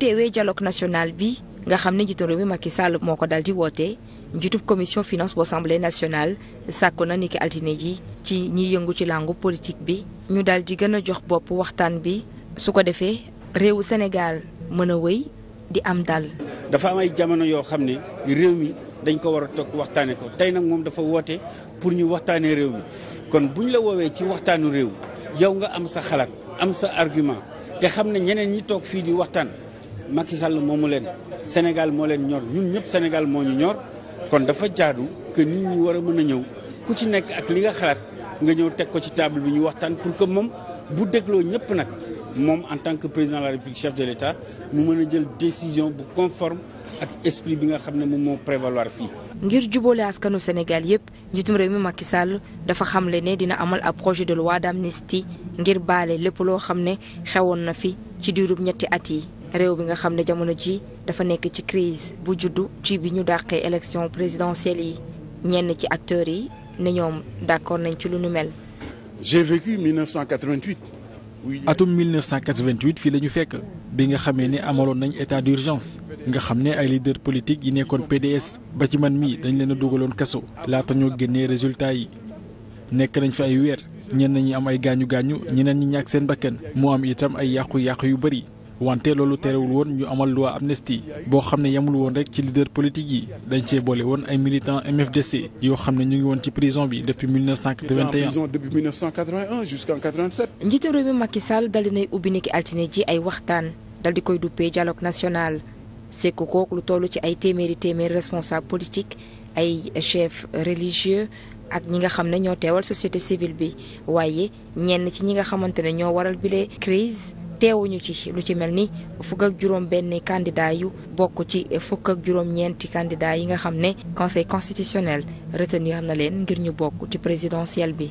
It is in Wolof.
teewee dialogue national bi nga xam ne njiitu réew mi Macky Sall moo ko dal di woote njiitub commission finance bu assemblée nationale sàkku na niki altine ji ci ñiy yëngu ci làngu politique bi ñu dal di gën a jox bopp waxtaan bi su ko defee réewu Sénégal mën a wéy di am dal. dafa am jamono yoo xam ne réew mi dañ ko war a toog waxtaanee ko tey nag moom dafa woote pour ñu waxtaanee réew mi kon bu ñu la woowee ci waxtaanu réew yow nga am sa xalaat am sa argument te Macky Sall moomu leen Sénégal moo leen ñor ñun ñëpp Sénégal moo ñu ñor kon dafa jaadu que nit ñi war a mën a ñëw ku ci nekk ak li nga xalaat nga ñëw teg ko ci table bi ñu waxtaan pour que moom bu dégloo ñëpp nag moom en tant que président de la République chef de l'État mu mën a jël décision bu conforme ak esprit bi nga xam ne moom moo prévaloir fii. ngir jubóole askanu Sénégal yépp njiitum réew mi Macky Sall dafa xamle ne dina amal ab projet de loi d'amnistie ngir baale lépp loo xam ne xewoon na fi ci diirub ñetti at yi. réew bi nga xam ne jamono ji dafa nekk ci crise bu juddu ci bi ñu dàqee élection présidentielle yi ñenn ci acteurs yi ne ñoom d'accord nañ ci lu nu mel. j'ai vécu 1988. atum 1988 fii la ñu fekk bi nga xamee ne amaloon nañ état d'urgence nga xam ne ay leader politique yi nekkoon PDS ba ci man mii dañ leen a dugaloon kaso laata ñoo génnee résultat yi nekk nañu fi ay weer ñenn nañu am ay gaañu gaañu ñeneen ñi ñàkk seen bakkan moo am itam ay yàqu-yàqu yu bari wante loolu terewul woon ñu amal loi amnistie boo xam ne yamul woon rek ci leader politique yi dañ cee boole woon ay militants MFDC yoo xam ne ñu ngi woon ci prison bi depuis 1981. depuis 1981 jusqu'en 87. njiitu réew mi Macky Sall dal dinay ubbi niki altine ji ay waxtaan dal di koy duppee dialogue national sekk lu toll ci ay téeméeri téeméer responsable politique ay chef religieux. ak ñi nga xam ne ñoo teewal société civile bi waaye ñenn ci ñi nga xamante ne ñoo waral bile crise teewuñu ci lu ci mel ni fukk ak juróom benn candidat yu bokk ci fukk ak juróom ñeenti candidat yi nga xam ne conseil constitutionnel retenir na leen ngir ñu bokk ci présidentielle bi